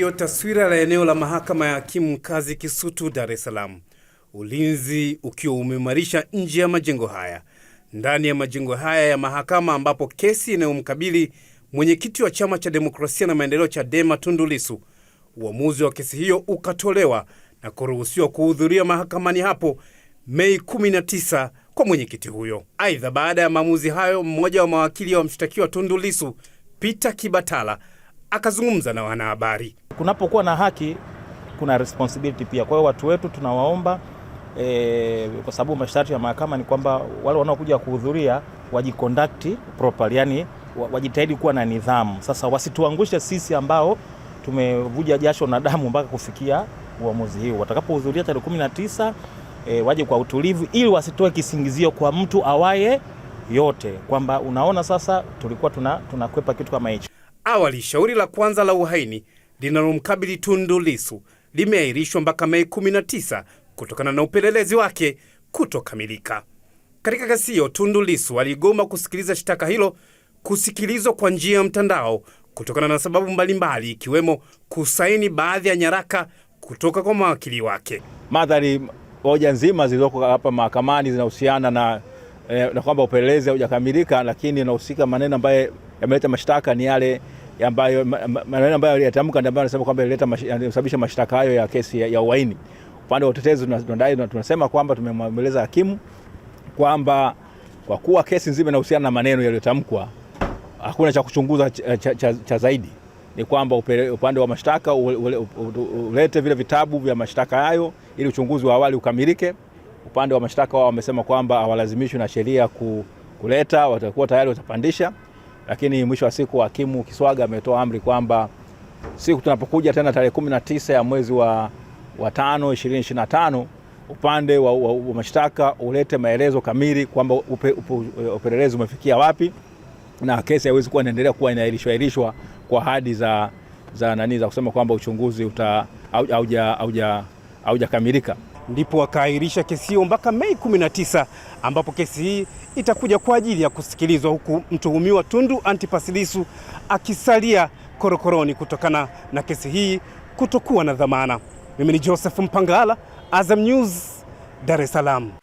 Hiyo taswira la eneo la mahakama ya hakimu mkazi Kisutu, Dar es Salaam, ulinzi ukiwa umeimarisha nje ya majengo haya, ndani ya majengo haya ya mahakama, ambapo kesi inayomkabili mwenyekiti wa chama cha demokrasia na maendeleo CHADEMA Tundu Lissu, uamuzi wa kesi hiyo ukatolewa na kuruhusiwa kuhudhuria mahakamani hapo Mei 19 kwa mwenyekiti huyo. Aidha, baada ya maamuzi hayo, mmoja wa mawakili wa mshtakiwa Tundu Lissu, Peter Kibatala, akazungumza na wanahabari kunapokuwa na haki kuna responsibility pia. Kwa hiyo watu wetu tunawaomba e, kwa sababu masharti ya mahakama ni kwamba wale wanaokuja kuhudhuria wajiconduct properly, yani wajitahidi kuwa na nidhamu. Sasa wasituangushe sisi ambao tumevuja jasho na damu mpaka kufikia uamuzi huu. Watakapohudhuria tarehe tisa e, waje kwa utulivu, ili wasitoe kisingizio kwa mtu awaye yote kwamba unaona, sasa tulikuwa tunakwepa tuna kitu kama hicho. Awali shauri la kwanza la uhaini linalomkabili Tundu Lisu limeahirishwa mpaka Mei 19 kutokana na upelelezi wake kutokamilika. Katika kesi hiyo, Tundu Lisu aligoma kusikiliza shtaka hilo kusikilizwa kwa njia ya mtandao kutokana na sababu mbalimbali ikiwemo mbali, kusaini baadhi ya nyaraka kutoka kwa mawakili wake. Madhari hoja nzima zilizoko hapa mahakamani zinahusiana na, eh, na kwamba upelelezi haujakamilika, lakini inahusika maneno ambayo yameleta mashtaka ni yale ambayo maneno ambayo aliyatamka ambayo anasema kwamba sababisha mashtaka hayo ya kesi ya uhaini. Upande wa utetezi tunadai tunasema kwamba tumemweleza hakimu kwamba kwa kuwa kesi nzima inahusiana na maneno yaliyotamkwa, hakuna cha kuchunguza cha, cha, cha, cha zaidi. Ni kwamba upande wa mashtaka ulete vile vitabu vya mashtaka hayo ili uchunguzi wa awali ukamilike. Upande wa mashtaka wao wamesema kwamba hawalazimishwi na sheria kuleta, watakuwa tayari watapandisha lakini mwisho wa siku hakimu Kiswaga ametoa amri kwamba siku tunapokuja tena tarehe kumi na tisa ya mwezi wa, wa tano ishirini ishirini na tano upande wa, wa, wa mashtaka ulete maelezo kamili kwamba upelelezi umefikia wapi, na kesi haiwezi kuwa inaendelea kuwa inaahirishwa ahirishwa kwa ahadi za, za nani za kusema kwamba uchunguzi uta haujakamilika ndipo wakaahirisha kesi hiyo mpaka Mei 19 ambapo kesi hii itakuja kwa ajili ya kusikilizwa huku mtuhumiwa Tundu Antipas Lissu akisalia korokoroni kutokana na kesi hii kutokuwa na dhamana. Mimi ni Joseph Mpangala, Azam News, Dar es Salaam.